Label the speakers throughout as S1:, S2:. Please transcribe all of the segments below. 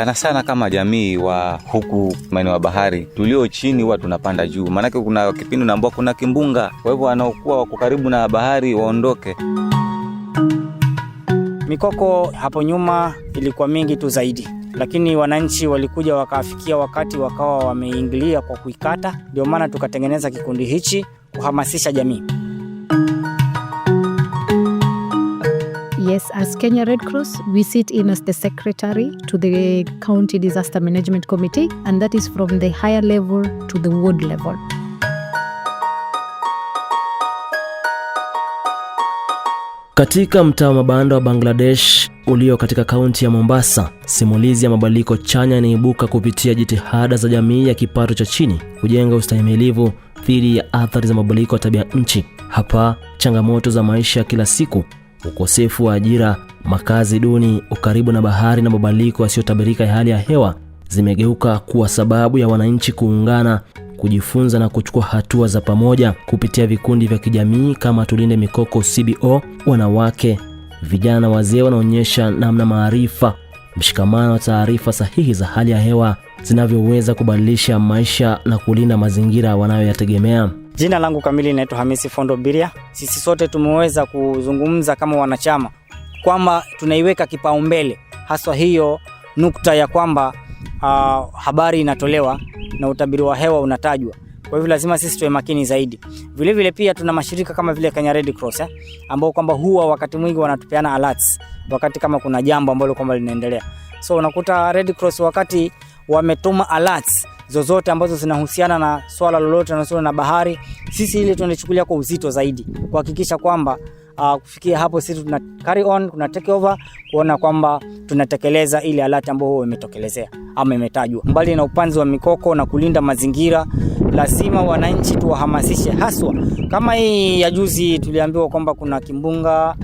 S1: sana sana kama jamii wa huku maeneo ya bahari tulio chini huwa tunapanda juu, maanake kuna kipindi unaambiwa kuna kimbunga. Kwa hivyo wanaokuwa wako karibu na bahari waondoke.
S2: Mikoko hapo nyuma ilikuwa mingi tu zaidi, lakini wananchi walikuja wakafikia wakati wakawa wameingilia kwa kuikata, ndio maana tukatengeneza kikundi hichi kuhamasisha jamii.
S3: Yes, as Kenya Red Cross, we sit in as the secretary to the County Disaster Management Committee, and that is from the higher level to the ward level.
S4: Katika mtaa wa mabanda wa Bangladesh ulio katika kaunti ya Mombasa, simulizi ya mabadiliko chanya inaibuka kupitia jitihada za jamii ya kipato cha chini kujenga ustahimilivu dhidi ya athari za mabadiliko ya tabia nchi. Hapa changamoto za maisha ya kila siku ukosefu wa ajira, makazi duni, ukaribu na bahari na mabadiliko yasiyotabirika ya hali ya hewa zimegeuka kuwa sababu ya wananchi kuungana, kujifunza na kuchukua hatua za pamoja kupitia vikundi vya kijamii kama Tulinde Mikoko CBO. Wanawake, vijana, wazee wanaonyesha namna maarifa, mshikamano wa taarifa sahihi za hali ya hewa zinavyoweza kubadilisha maisha na kulinda mazingira wanayoyategemea.
S2: Jina langu kamili naitwa Hamisi Fondo Biria. Sisi sote tumeweza kuzungumza kama wanachama kwamba tunaiweka kipaumbele haswa hiyo nukta ya kwamba uh, habari inatolewa na utabiri wa hewa unatajwa. Kwa hivyo lazima sisi tuwe makini zaidi. Vile vile pia tuna mashirika kama vile Kenya Red Cross eh, ambao kwamba huwa wakati mwingi wanatupeana alerts wakati kama kuna jambo ambalo kwamba linaendelea. So unakuta Red Cross wakati wametuma alerts zozote ambazo zinahusiana na swala lolote linalohusiana na bahari, sisi ile tunachukulia kwa uzito zaidi kuhakikisha kwamba Uh, kufikia hapo sisi tuna carry on, tuna take over kuona kwamba tunatekeleza ile alati ambayo imetokelezea ama imetajwa. Mbali na upanzi wa mikoko na kulinda mazingira, lazima wananchi tuwahamasishe, haswa kama hii ya juzi tuliambiwa kwamba kuna kimbunga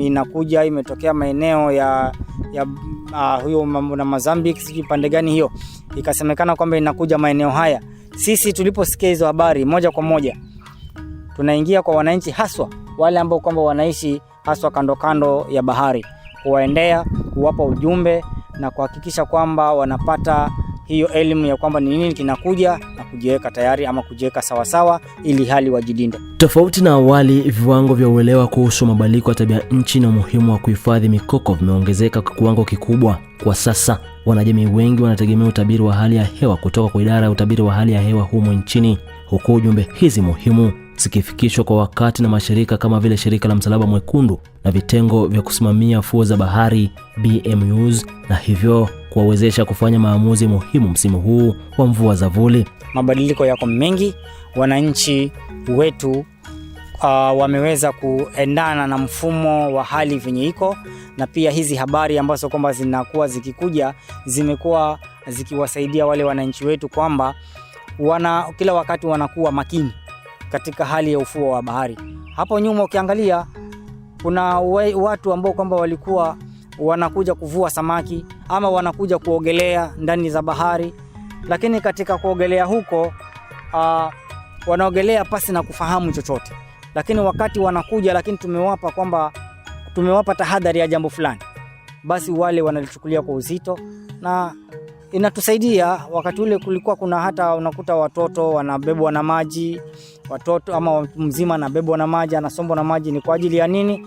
S2: inakuja imetokea maeneo ya, ya uh, huyo mambo na Mozambique, sijui pande gani hiyo ikasemekana kwamba inakuja maeneo haya. Sisi tuliposikia hizo habari, moja kwa moja tunaingia kwa wananchi, haswa wale ambao kwamba wanaishi haswa kando kando ya bahari, kuwaendea, kuwapa ujumbe na kuhakikisha kwamba wanapata hiyo elimu ya kwamba ni nini kinakuja kujiweka tayari ama kujiweka sawasawa ili hali wajilinde.
S4: Tofauti na awali, viwango vya uelewa kuhusu mabadiliko ya tabia nchi na umuhimu wa kuhifadhi mikoko vimeongezeka kwa kiwango kikubwa. Kwa sasa wanajamii wengi wanategemea utabiri wa hali ya hewa kutoka kwa idara ya utabiri wa hali ya hewa humo nchini, huku ujumbe hizi muhimu zikifikishwa kwa wakati na mashirika kama vile shirika la Msalaba Mwekundu na vitengo vya kusimamia fuo za bahari BMUs, na hivyo kuwawezesha kufanya maamuzi muhimu msimu huu wa mvua za vuli
S2: mabadiliko yako mengi. Wananchi wetu uh, wameweza kuendana na mfumo wa hali venye iko, na pia hizi habari ambazo kwamba zinakuwa zikikuja zimekuwa zikiwasaidia wale wananchi wetu kwamba wana kila wakati wanakuwa makini katika hali ya ufuo wa bahari. Hapo nyuma ukiangalia, kuna watu ambao kwamba walikuwa wanakuja kuvua samaki ama wanakuja kuogelea ndani za bahari. Lakini katika kuogelea huko uh, wanaogelea pasi na kufahamu chochote, lakini wakati wanakuja, lakini tumewapa kwamba tumewapa tahadhari ya jambo fulani, basi wale wanalichukulia kwa uzito na inatusaidia wakati ule kulikuwa kuna hata unakuta watoto wanabebwa na maji, watoto ama mtu mzima anabebwa na maji, anasombwa na maji. Ni kwa ajili ya nini?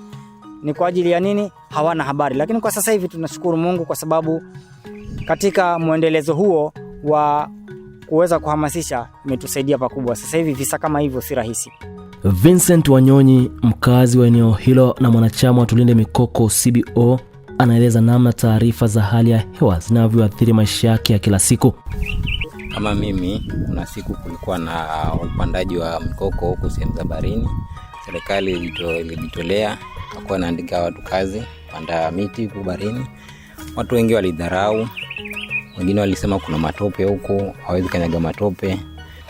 S2: Ni kwa ajili ya nini? Hawana habari. Lakini kwa sasa hivi tunashukuru Mungu kwa sababu katika mwendelezo huo wa kuweza kuhamasisha imetusaidia pakubwa. Sasa hivi visa kama hivyo si rahisi.
S4: Vincent Wanyonyi, mkazi wa eneo hilo na mwanachama wa Tulinde Mikoko CBO, anaeleza namna taarifa za hali ya hewa zinavyoathiri maisha yake ya kila siku.
S5: Kama mimi, kuna siku kulikuwa na uh, upandaji wa mikoko huku sehemu za barini. Serikali ilijitolea akuwa naandika watu kazi panda miti huku barini. Watu wengi walidharau wengine walisema kuna matope huko, hawezi kanyaga matope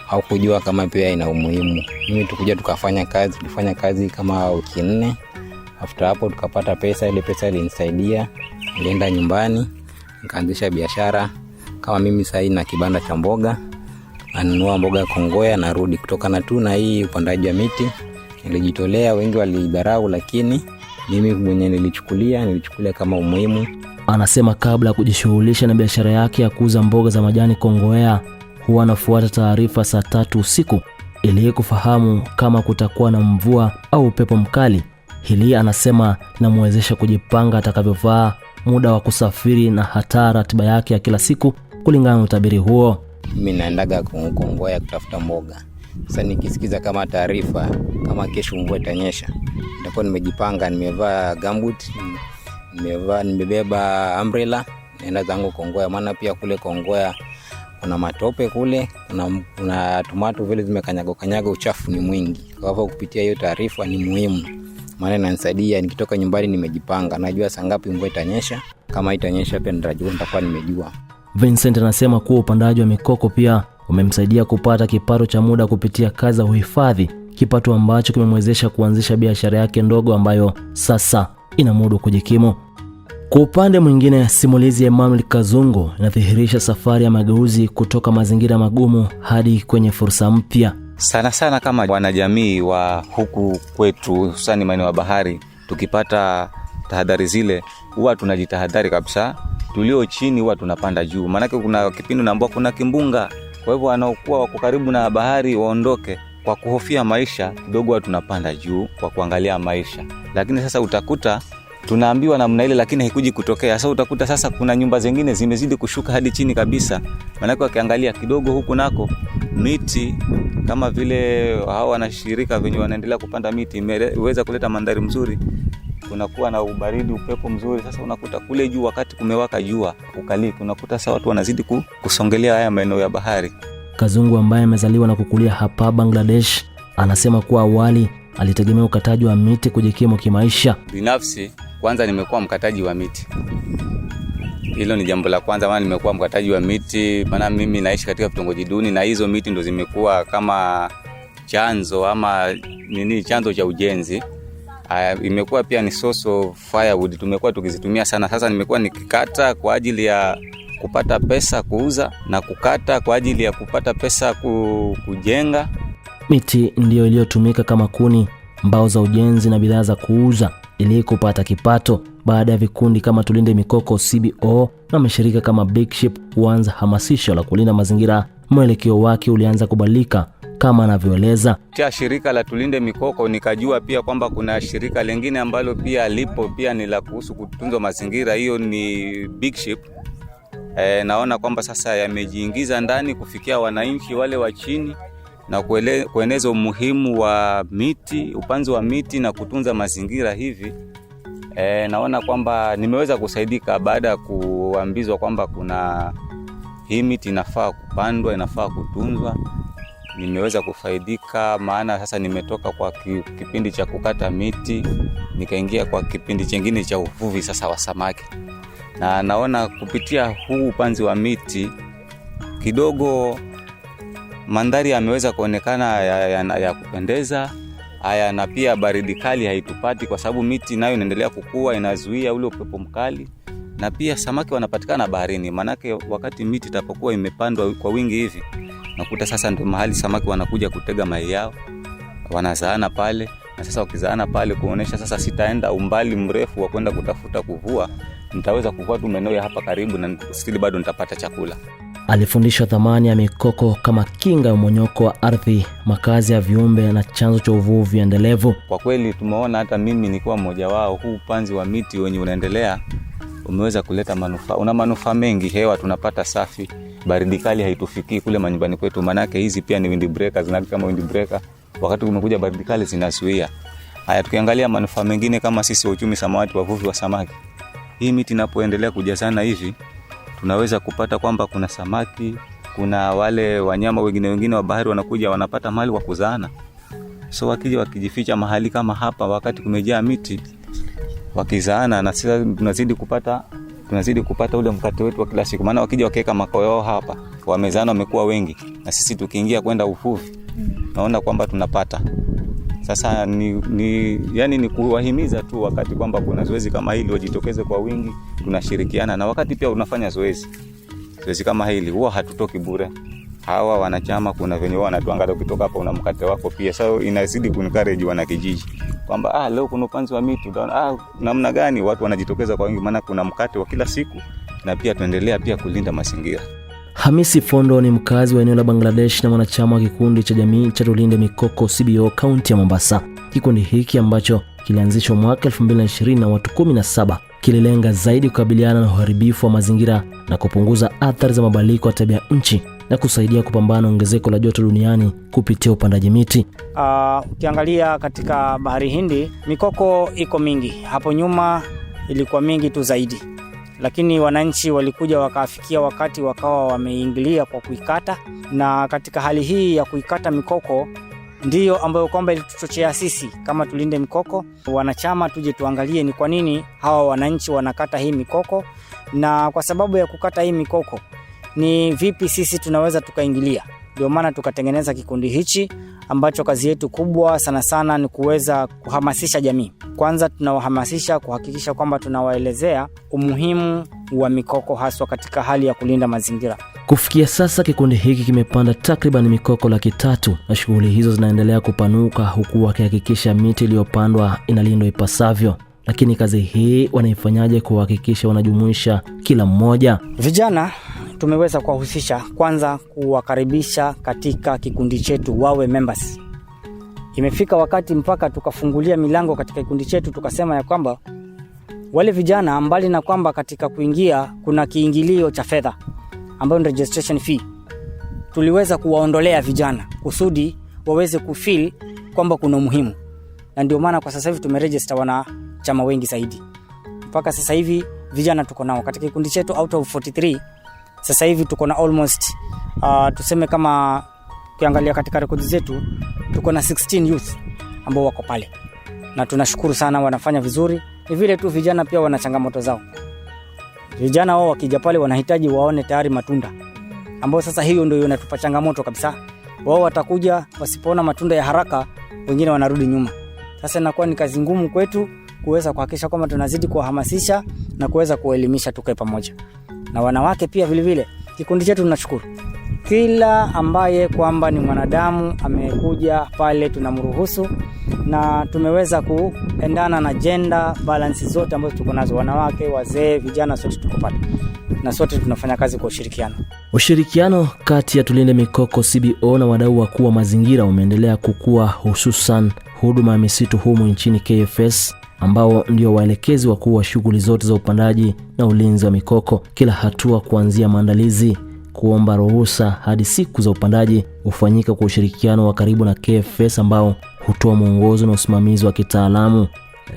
S5: au kujua kama pia ina umuhimu. Mimi tukuja tukafanya kazi, tulifanya kazi kama wiki nne. After hapo tukapata pesa, ile pesa ilinisaidia, nilienda nyumbani nikaanzisha biashara. Kama mimi sasa na kibanda cha mboga, nanunua mboga Kongoya narudi. Kutokana tu na hii upandaji wa miti nilijitolea, wengi walidharau, lakini mimi mwenye nilichukulia nilichukulia kama umuhimu.
S4: Anasema kabla ya kujishughulisha na biashara yake ya kuuza mboga za majani Kongowea, huwa anafuata taarifa saa tatu usiku ili kufahamu kama kutakuwa na mvua au upepo mkali. Hili anasema linamwezesha kujipanga atakavyovaa, muda wa kusafiri na hata ratiba yake ya kila siku, kulingana na utabiri huo.
S5: Mimi naendaga Kongowea kutafuta mboga. Sasa nikisikiza kama taarifa kama kesho mvua itanyesha, nitakuwa nimejipanga, nimevaa gambuti nimevaa nimebeba umbrella naenda zangu Kongoya, maana pia kule Kongoya kuna matope kule, kuna, kuna tomato vile zimekanyaga kanyaga, uchafu ni mwingi. Kwa hivyo kupitia hiyo taarifa ni muhimu, maana inanisaidia nikitoka nyumbani nimejipanga, najua saa ngapi mvua itanyesha. Kama itanyesha pia nitajua, nitakuwa nimejua.
S4: Vincent anasema kuwa upandaji wa mikoko pia umemsaidia kupata kipato cha muda kupitia kazi ya uhifadhi, kipato ambacho kimemwezesha kuanzisha biashara yake ndogo ambayo sasa inamudu kujikimu. Kwa upande mwingine, simulizi ya Emmanuel Kazungu inadhihirisha safari ya mageuzi kutoka mazingira magumu hadi kwenye fursa mpya.
S1: Sana sana kama wanajamii wa huku kwetu, hususani maeneo ya bahari, tukipata tahadhari zile huwa tunajitahadhari kabisa. Tulio chini huwa tunapanda juu, maanake kuna kipindi naambua kuna kimbunga, kwa hivyo wanaokuwa wako karibu na bahari waondoke. Kwa kuhofia maisha kidogo tunapanda juu kwa kuangalia maisha, lakini sasa utakuta tunaambiwa namna ile, lakini haikuji kutokea. Sasa utakuta sasa kuna nyumba zingine zimezidi kushuka hadi chini kabisa, maanake wakiangalia kidogo huku nako miti kama vile hao wanashirika venye wanaendelea kupanda miti imeweza kuleta mandhari mzuri, kunakuwa na ubaridi, upepo mzuri. Sasa unakuta kule juu wakati kumewaka jua ukalii unakuta sasa watu wanazidi kusongelea haya maeneo ya bahari.
S4: Kazungu ambaye amezaliwa na kukulia hapa Bangladesh anasema kuwa awali alitegemea ukataji wa miti kujikimu kimaisha.
S1: Binafsi kwanza, nimekuwa mkataji wa miti, hilo ni jambo la kwanza, maana nimekuwa mkataji wa miti, maana mimi naishi katika vitongoji duni na hizo miti ndo zimekuwa kama chanzo ama nini, chanzo cha ujenzi. Uh, imekuwa pia ni source of firewood, tumekuwa tukizitumia sana. Sasa nimekuwa nikikata kwa ajili ya kupata pesa kuuza na kukata kwa ajili ya kupata pesa kujenga.
S4: Miti ndiyo iliyotumika kama kuni, mbao za ujenzi na bidhaa za kuuza ili kupata kipato. Baada ya vikundi kama Tulinde Mikoko CBO na mashirika kama Big Ship kuanza hamasisho la kulinda mazingira, mwelekeo wake ulianza kubalika kama anavyoeleza.
S1: Cha shirika la Tulinde Mikoko nikajua pia kwamba kuna shirika lingine ambalo pia lipo pia ni la kuhusu kutunzwa mazingira, hiyo ni Big Ship e, naona kwamba sasa yamejiingiza ndani kufikia wananchi wale wa chini na kuele, kueneza umuhimu wa miti, upanzi wa miti na kutunza mazingira hivi. E, naona kwamba nimeweza kusaidika baada ya kuambizwa kwamba kuna hii miti inafaa kupandwa, inafaa kutunzwa. Nimeweza kufaidika, maana sasa nimetoka kwa kipindi cha kukata miti nikaingia kwa kipindi chingine cha uvuvi sasa wa samaki na naona kupitia huu upanzi wa miti kidogo mandhari yameweza kuonekana ya, ya, ya, ya kupendeza haya, na pia baridi kali haitupati kwa sababu miti nayo inaendelea kukua, inazuia ule upepo mkali, na pia samaki wanapatikana baharini. Maanake wakati miti itapokuwa imepandwa kwa wingi hivi, nakuta sasa ndio mahali samaki wanakuja kutega mayai yao, wanazaana pale. Na sasa wakizaana pale, kuonesha sasa sitaenda umbali mrefu wa kwenda kutafuta kuvua nitaweza kukua tu maeneo ya hapa karibu na stili bado nitapata chakula.
S4: Alifundishwa thamani ya mikoko kama kinga ya umonyoko wa ardhi, makazi ya viumbe na chanzo cha uvuvi endelevu.
S1: Kwa kweli tumeona hata mimi nikiwa mmoja wao, huu upanzi wa miti wenye unaendelea umeweza kuleta manufaa, una manufaa mengi. Hewa tunapata safi, baridi kali haitufikii kule manyumbani kwetu, maanake hizi pia ni windbreaker, zina kama windbreaker, wakati umekuja baridi kali zinazuia. Haya, tukiangalia manufaa mengine kama sisi wa uchumi samawati, wavuvi wa samaki hii miti inapoendelea kujazana hivi, tunaweza kupata kwamba kuna samaki, kuna wale wanyama wengine wengine wa bahari wanakuja wanapata mahali wa kuzaana. So wakija wakijificha mahali kama hapa, wakati kumejaa miti, wakizaana na sasa tunazidi kupata tunazidi kupata ule mkate wetu wa kila siku, maana wakija wakiweka makao yao hapa, wamezana, wamekuwa wengi, na sisi tukiingia kwenda uvuvi, naona kwamba tunapata sasa ni, ni, yani ni kuwahimiza tu wakati kwamba kuna zoezi kama hili wajitokeze kwa wingi, tunashirikiana na wakati pia unafanya zoezi. Zoezi kama hili huwa hatutoki bure. Hawa wanachama kuna venye wao wanatuangalia, ukitoka hapa una mkate wako pia. Sasa so, inazidi kunikareji wana kijiji kwamba ah, leo kuna upanzi wa miti ah, namna gani watu wanajitokeza kwa wingi, maana kuna mkate wa kila siku, na pia tuendelea pia kulinda mazingira.
S4: Hamisi Fondo ni mkazi wa eneo la Bangladesh na mwanachama wa kikundi cha jamii cha Tulinde Mikoko CBO kaunti ya Mombasa. Kikundi hiki ambacho kilianzishwa mwaka 2020 na watu 17 kililenga zaidi kukabiliana na uharibifu wa mazingira na kupunguza athari za mabadiliko ya tabia nchi na kusaidia kupambana ongezeko la joto duniani kupitia upandaji miti.
S2: Ah, ukiangalia uh, katika bahari Hindi mikoko iko mingi, hapo nyuma ilikuwa mingi tu zaidi lakini wananchi walikuja wakafikia wakati wakawa wameingilia kwa kuikata, na katika hali hii ya kuikata mikoko ndiyo ambayo kwamba ilituchochea sisi kama Tulinde Mikoko wanachama tuje tuangalie ni kwa nini hawa wananchi wanakata hii mikoko, na kwa sababu ya kukata hii mikoko ni vipi sisi tunaweza tukaingilia. Ndio maana tukatengeneza kikundi hichi ambacho kazi yetu kubwa sana sana ni kuweza kuhamasisha jamii. Kwanza tunawahamasisha kuhakikisha kwamba tunawaelezea umuhimu wa mikoko haswa katika hali ya kulinda mazingira.
S4: Kufikia sasa kikundi hiki kimepanda takriban mikoko laki tatu na shughuli hizo zinaendelea kupanuka huku wakihakikisha miti iliyopandwa inalindwa ipasavyo. Lakini kazi hii wanaifanyaje kuhakikisha wanajumuisha kila mmoja?
S2: Vijana tumeweza kuwahusisha, kwanza kuwakaribisha katika kikundi chetu wawe members. Imefika wakati mpaka tukafungulia milango katika kikundi chetu, tukasema ya kwamba wale vijana, mbali na kwamba katika kuingia kuna kiingilio cha fedha ambayo ni registration fee, tuliweza kuwaondolea vijana kusudi waweze kufeel kwamba kuna umuhimu, na ndio maana kwa sasa hivi tumeregister chama wengi zaidi. Mpaka sasa hivi vijana tuko nao katika kikundi chetu out of 43 sasa hivi tuko na almost uh, tuseme kama ukiangalia katika rekodi zetu tuko na 16 youth ambao wako pale, na tunashukuru sana, wanafanya vizuri. Ni vile tu vijana pia wana changamoto zao. Vijana wao wakija pale wanahitaji waone tayari matunda, ambao sasa hiyo ndio inatupa changamoto kabisa. Wao watakuja wasipoona matunda ya haraka, wengine wanarudi nyuma. Sasa inakuwa ni kazi ngumu kwetu kuweza kuhakikisha kwamba tunazidi kuwahamasisha na kuweza kuwaelimisha tukae pamoja na wanawake pia vilevile. Kikundi chetu tunashukuru kila ambaye kwamba ni mwanadamu amekuja pale, tunamruhusu na tumeweza kuendana na jenda balance zote ambazo tuko nazo, wanawake, wazee, vijana, sote tuko pale na sote tunafanya kazi kwa ushirikiano.
S4: Ushirikiano kati ya Tulinde Mikoko CBO na wadau wakuu wa mazingira umeendelea kukua, hususan huduma ya misitu humu nchini KFS ambao ndio waelekezi wakuu wa shughuli zote za upandaji na ulinzi wa mikoko, kila hatua kuanzia maandalizi kuomba ruhusa hadi siku za upandaji hufanyika kwa ushirikiano wa karibu na KFS ambao hutoa mwongozo na usimamizi wa kitaalamu.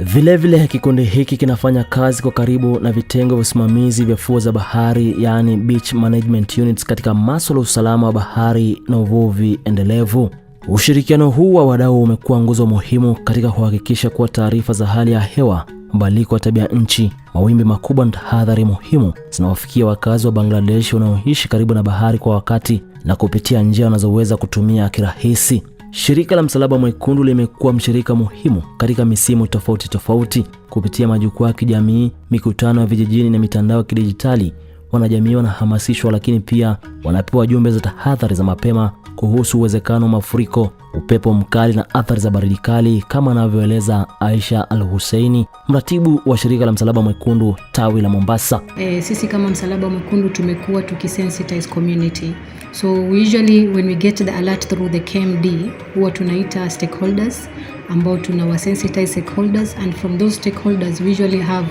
S4: Vilevile, kikundi hiki kinafanya kazi kwa karibu na vitengo vya usimamizi vya fuo za bahari, yaani beach management units, katika maswala ya usalama wa bahari na uvuvi endelevu. Ushirikiano huu wa wadau umekuwa nguzo muhimu katika kuhakikisha kuwa taarifa za hali ya hewa, mabadiliko ya tabia nchi, mawimbi makubwa na tahadhari muhimu zinawafikia wakazi wa Bangladesh wanaoishi karibu na bahari kwa wakati na kupitia njia wanazoweza kutumia kirahisi. Shirika la Msalaba Mwekundu limekuwa mshirika muhimu katika misimu tofauti tofauti kupitia majukwaa ya kijamii, mikutano ya vijijini na mitandao ya kidijitali wanajamii wanahamasishwa, lakini pia wanapewa jumbe za tahadhari za mapema kuhusu uwezekano wa mafuriko, upepo mkali na athari za baridi kali, kama anavyoeleza Aisha Al Huseini, mratibu wa shirika la Msalaba Mwekundu tawi la Mombasa.
S3: E, sisi kama Msalaba Mwekundu tumekuwa tukisensitize community, so usually when we get the alert through the KMD huwa tunaita stakeholders ambao tunawasensitize stakeholders and from those stakeholders we usually have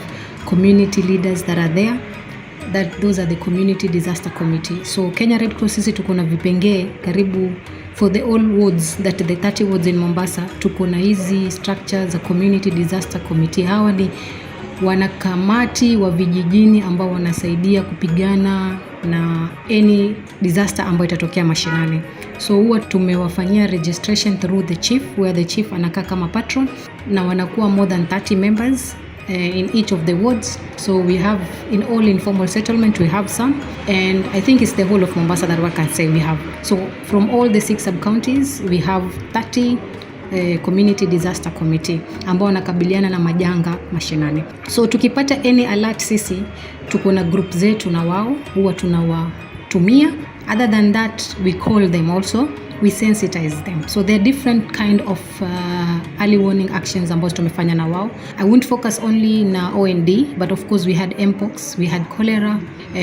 S3: community leaders that are there that those are the community disaster committee. So Kenya Red Cross sisi tuko na vipengee karibu for the all wards that the 30 wards in Mombasa tuko na hizi structure za community disaster committee. Hawa ni wanakamati wa vijijini ambao wanasaidia kupigana na any disaster ambayo itatokea mashinani. So huwa tumewafanyia registration through the chief where the chief anakaa kama patron na wanakuwa more than 30 members uh, in each of the wards. So we have in all informal settlement we have some, and I think it's the whole of Mombasa that we can say we have. So from all the six sub counties we have 30 uh, community disaster committee ambao wanakabiliana na majanga mashinani. So tukipata any alert, sisi tuko na group zetu na wao huwa tunawatumia. Other than that we call them also we sensitize them. So there are different kind of uh, early warning actions ambazo tumefanya na wao. I won't focus only na OND but of course we had mpox, we had cholera, uh,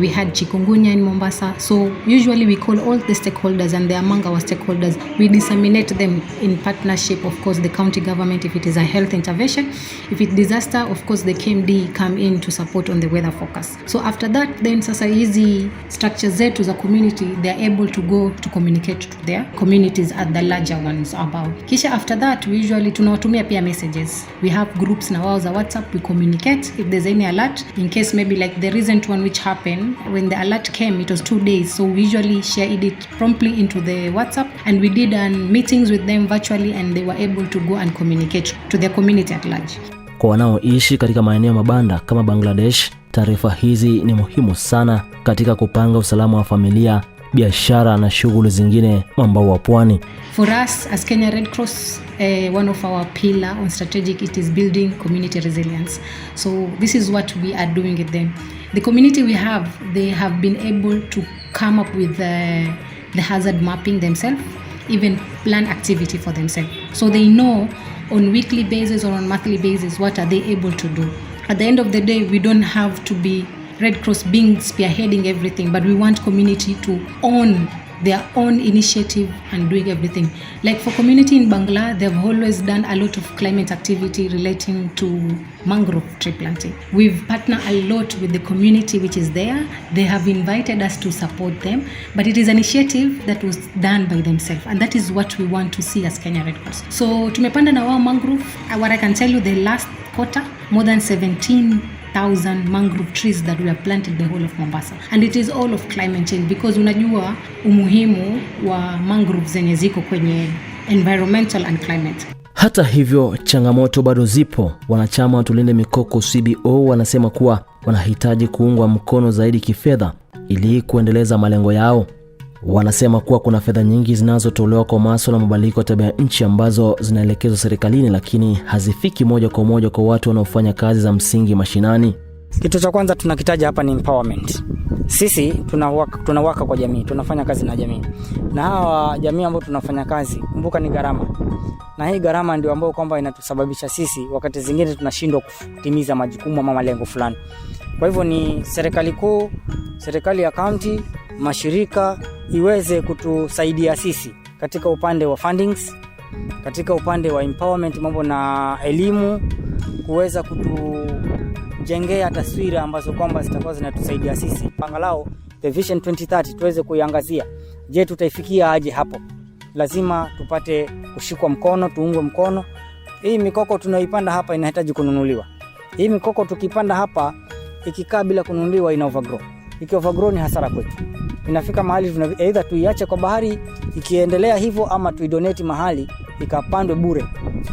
S3: we had chikungunya in Mombasa. So usually we call all the stakeholders and they among our stakeholders. We disseminate them in partnership of course the county government if it is a health intervention, if it's disaster of course the KMD come in to support on the weather forecast. So after that then sasa hizi structures zetu za community they are able to go to communicate to their communities at the larger ones above. Kisha after that we usually tunawatumia pia messages, we have groups na wao za WhatsApp, we communicate if there's any alert in case maybe like the recent one which happened when the alert came it was two days so we usually share it promptly into the WhatsApp and we did an um, meetings with them virtually and they were able to go and communicate to their community at large.
S4: Kwa wanaoishi katika maeneo mabanda kama Bangladesh, taarifa hizi ni muhimu sana katika kupanga usalama wa familia biashara na shughuli zingine mwambao wa pwani.
S3: For us as Kenya Red Cross, uh, one of our pillar on strategic it is building community resilience. So this is what we are doing it them. The community we have, they have been able to come up with the, the hazard mapping themselves, even plan activity for themselves. So they know on weekly basis or on monthly basis what are they able to do. At the end of the day, we don't have to be Red Cross being spearheading everything, but we want community to own their own initiative and doing everything. Like for community in Bangla, they've always done a lot of climate activity relating to mangrove tree planting. We've partnered a lot with the community which is there. They have invited us to support them, but it is an initiative that was done by themselves, and that is what we want to see as Kenya Red Cross. So tumepanda na wao mangrove. What I can tell you, the last quarter, more than 17 thousand mangrove trees that we have planted the whole of Mombasa and it is all of climate change because unajua umuhimu wa mangrove zenye ziko kwenye environmental and climate.
S4: Hata hivyo changamoto bado zipo. Wanachama wa Tulinde Mikoko CBO wanasema kuwa wanahitaji kuungwa mkono zaidi kifedha ili kuendeleza malengo yao. Wanasema kuwa kuna fedha nyingi zinazotolewa kwa masuala ya mabadiliko ya tabia nchi ambazo zinaelekezwa serikalini, lakini hazifiki moja kwa moja kwa watu wanaofanya kazi za msingi mashinani.
S2: Kitu cha kwanza tunakitaja hapa ni empowerment. Sisi tunawaka, tunawaka kwa jamii, tunafanya kazi na jamii, na hawa jamii ambao tunafanya kazi, kumbuka ni gharama, na hii gharama ndio ambayo kwamba inatusababisha sisi wakati zingine tunashindwa kutimiza majukumu ama malengo fulani. Kwa hivyo ni serikali kuu, serikali ya kaunti, mashirika iweze kutusaidia sisi katika upande wa fundings, katika upande wa empowerment, mambo na elimu, kuweza kutujengea taswira ambazo kwamba zitakuwa zinatusaidia sisi angalau the vision 2030 tuweze kuiangazia. Je, tutaifikia aje hapo? Lazima tupate kushikwa mkono, tuungwe mkono. Hii mikoko tunaoipanda hapa inahitaji kununuliwa. Hii mikoko tukipanda hapa ikikaa bila kununuliwa ina overgrow. Iki overgrow ni hasara kwetu. Inafika mahali tuna either tuiache kwa bahari ikiendelea hivyo, ama tuidonate mahali ikapandwe bure,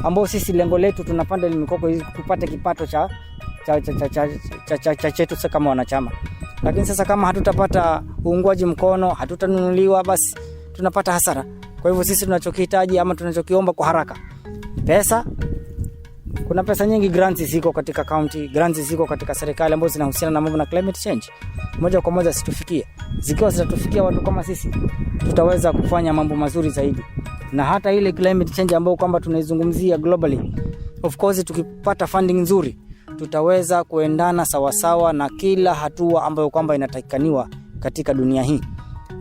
S2: ambao sisi lengo letu tunapanda ile mikoko hizi tupate kipato cha cha cha cha, cha, cha, cha, cha chetu sasa kama wanachama. Lakini sasa kama hatutapata uungwaji mkono, hatutanunuliwa, basi tunapata hasara. Kwa hivyo sisi tunachokihitaji ama tunachokiomba kwa haraka pesa kuna pesa nyingi grants ziko katika county, grants ziko katika serikali ambazo zinahusiana na mambo na climate change. Moja kwa moja situfikie. Zikiwa zitatufikia watu kama sisi, tutaweza kufanya mambo mazuri zaidi. Na hata ile climate change ambayo kwamba tunaizungumzia globally. Of course tukipata funding nzuri, tutaweza kuendana sawasawa na kila hatua ambayo kwamba inatakikaniwa katika dunia hii.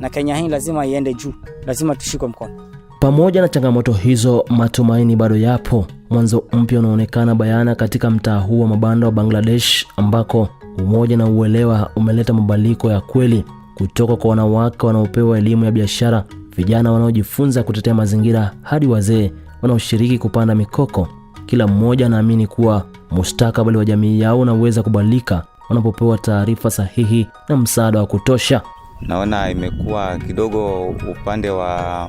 S2: Na Kenya hii lazima iende juu. Lazima tushikwe mkono.
S4: Pamoja na changamoto hizo, matumaini bado yapo. Mwanzo mpya unaonekana bayana katika mtaa huu wa mabanda wa Bangladesh, ambako umoja na uelewa umeleta mabadiliko ya kweli kutoka kwa wanawake wanaopewa elimu ya biashara, vijana wanaojifunza kutetea mazingira, hadi wazee wanaoshiriki kupanda mikoko. Kila mmoja anaamini kuwa mustakabali wa jamii yao unaweza kubadilika wanapopewa taarifa sahihi na msaada wa kutosha.
S1: Naona imekuwa kidogo upande wa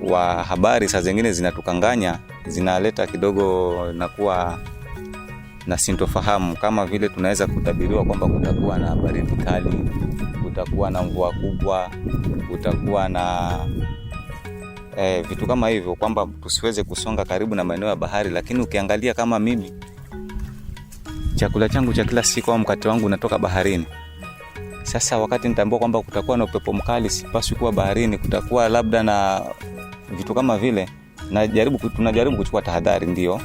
S1: wa habari saa zingine zinatukanganya, zinaleta kidogo nakuwa na sintofahamu, kama vile tunaweza kutabiriwa kwamba kutakuwa na baridi kali, kutakuwa na mvua kubwa, kutakuwa na e, vitu kama hivyo, kwamba tusiweze kusonga karibu na maeneo ya bahari. Lakini ukiangalia kama mimi, chakula changu cha kila siku au mkate wangu unatoka baharini. Sasa wakati nitaambiwa kwamba kutakuwa na upepo mkali, sipaswi kuwa baharini, kutakuwa labda na vitu kama vile najaribu, tunajaribu kuchukua tahadhari ndio,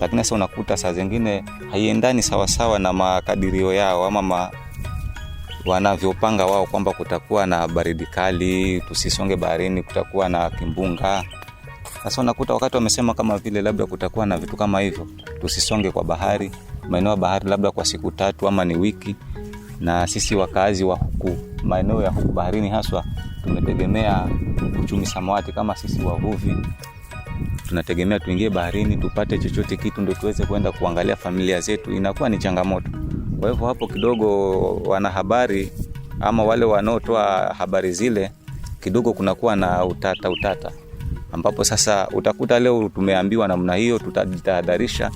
S1: lakini sasa unakuta saa zingine haiendani sawasawa na makadirio yao ama ma, wanavyopanga wao kwamba kutakuwa na baridi kali, tusisonge baharini, kutakuwa na kimbunga. Sasa unakuta wakati wamesema kama vile labda kutakuwa na vitu kama hivyo, tusisonge kwa bahari, maeneo ya bahari labda kwa siku tatu ama ni wiki, na sisi wakaazi wa huku maeneo ya huku baharini haswa tumetegemea uchumi samawati kama sisi wavuvi tunategemea tuingie baharini tupate chochote kitu ndo tuweze kwenda kuangalia familia zetu, inakuwa ni changamoto. Kwa hivyo hapo kidogo wanahabari ama wale wanaotoa habari zile kidogo kunakuwa na utata utata, ambapo sasa utakuta leo tumeambiwa namna hiyo, tutajitahadharisha,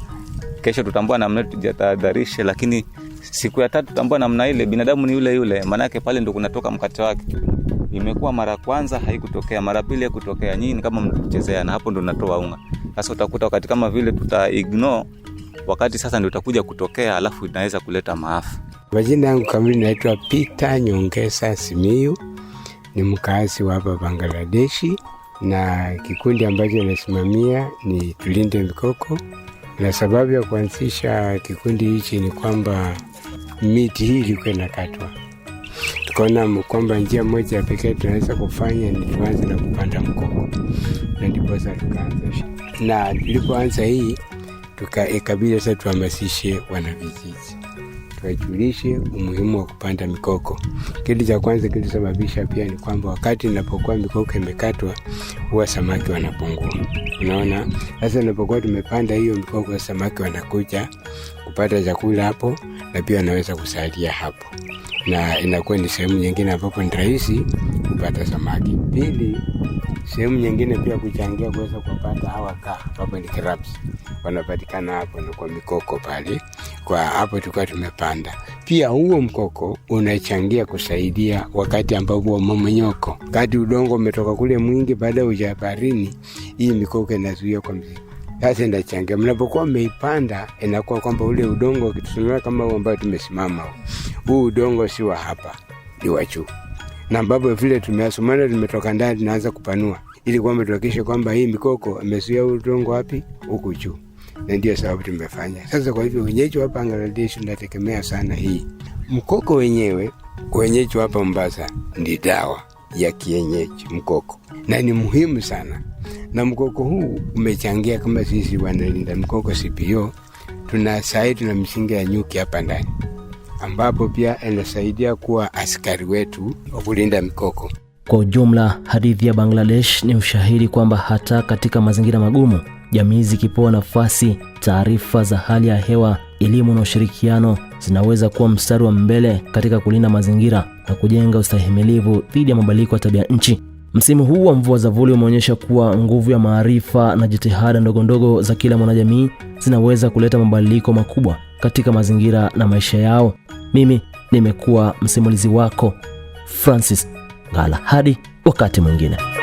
S1: kesho tutambua namna hiyo, tujitahadharishe, lakini siku ya tatu tutambua namna ile. Binadamu ni yule yule, maanake pale ndo kunatoka mkate wake imekuwa mara kwanza haikutokea, mara pili haikutokea, nyinyi kama mnachezea na hapo ndo natoa unga. Sasa utakuta wakati kama vile tuta ignore wakati sasa ndio utakuja kutokea, alafu inaweza kuleta maafa.
S6: Majina yangu kamili naitwa Peter Nyongesa Simiu, ni mkazi wa hapa Bangladeshi, na kikundi ambacho nasimamia ni Tulinde Mikoko, na sababu ya kuanzisha kikundi hichi ni kwamba miti hii ilikuwa inakatwa tukaona kwamba njia moja ya pekee tunaweza kufanya ni tuanze na kupanda mkoko, na ndiposa tukaanza na tulipoanza hii tukaikabidi sasa tuhamasishe wanavijiji tuwajulishe umuhimu wa kupanda mikoko. Kitu cha kwanza kilisababisha pia ni kwamba wakati inapokuwa mikoko imekatwa, huwa samaki wanapungua. Unaona, sasa inapokuwa tumepanda hiyo mikoko, samaki wanakuja kupata chakula hapo na pia anaweza kusalia hapo, na inakuwa ni sehemu nyingine ambapo ni rahisi kupata samaki. Pili, sehemu nyingine pia kuchangia kuweza kupata hawa ka ambapo ni crabs wanapatikana hapo na kwa mikoko pale kwa hapo tukawa tumepanda. Pia huo mkoko unachangia kusaidia wakati ambapo wa mamonyoko, kati udongo umetoka kule mwingi baada ya ujabarini, hii mikoko inazuia kwa mziki sasa inachangia mnapokuwa mmeipanda, inakuwa kwamba ule udongo kitusunua kama huu ambayo tumesimama huu udongo si wa hapa, ni wa juu, na ambapo vile tumeasumana tumetoka ndani, tunaanza kupanua ili kwamba tuhakikishe kwamba hii mikoko imezuia udongo wapi, huku juu, na ndio sababu tumefanya sasa. Kwa hivyo wenyeji wa Bangladesh tunategemea sana hii mkoko wenyewe. Wenyeji hapa Mombasa ni dawa ya kienyeji mkoko, na ni muhimu sana na mkoko huu umechangia kama sisi wanalinda mkoko CPO tuna sahi tuna misingi ya nyuki hapa ndani, ambapo pia inasaidia kuwa askari wetu wa kulinda mikoko.
S4: Kwa ujumla, hadithi ya Bangladesh ni ushahidi kwamba hata katika mazingira magumu, jamii zikipewa nafasi, taarifa za hali ya hewa, elimu na ushirikiano zinaweza kuwa mstari wa mbele katika kulinda mazingira na kujenga ustahimilivu dhidi ya mabadiliko ya tabia nchi. Msimu huu wa mvua za vuli umeonyesha kuwa nguvu ya maarifa na jitihada ndogondogo za kila mwanajamii zinaweza kuleta mabadiliko makubwa katika mazingira na maisha yao. Mimi nimekuwa msimulizi wako Francis Ngala, hadi wakati mwingine.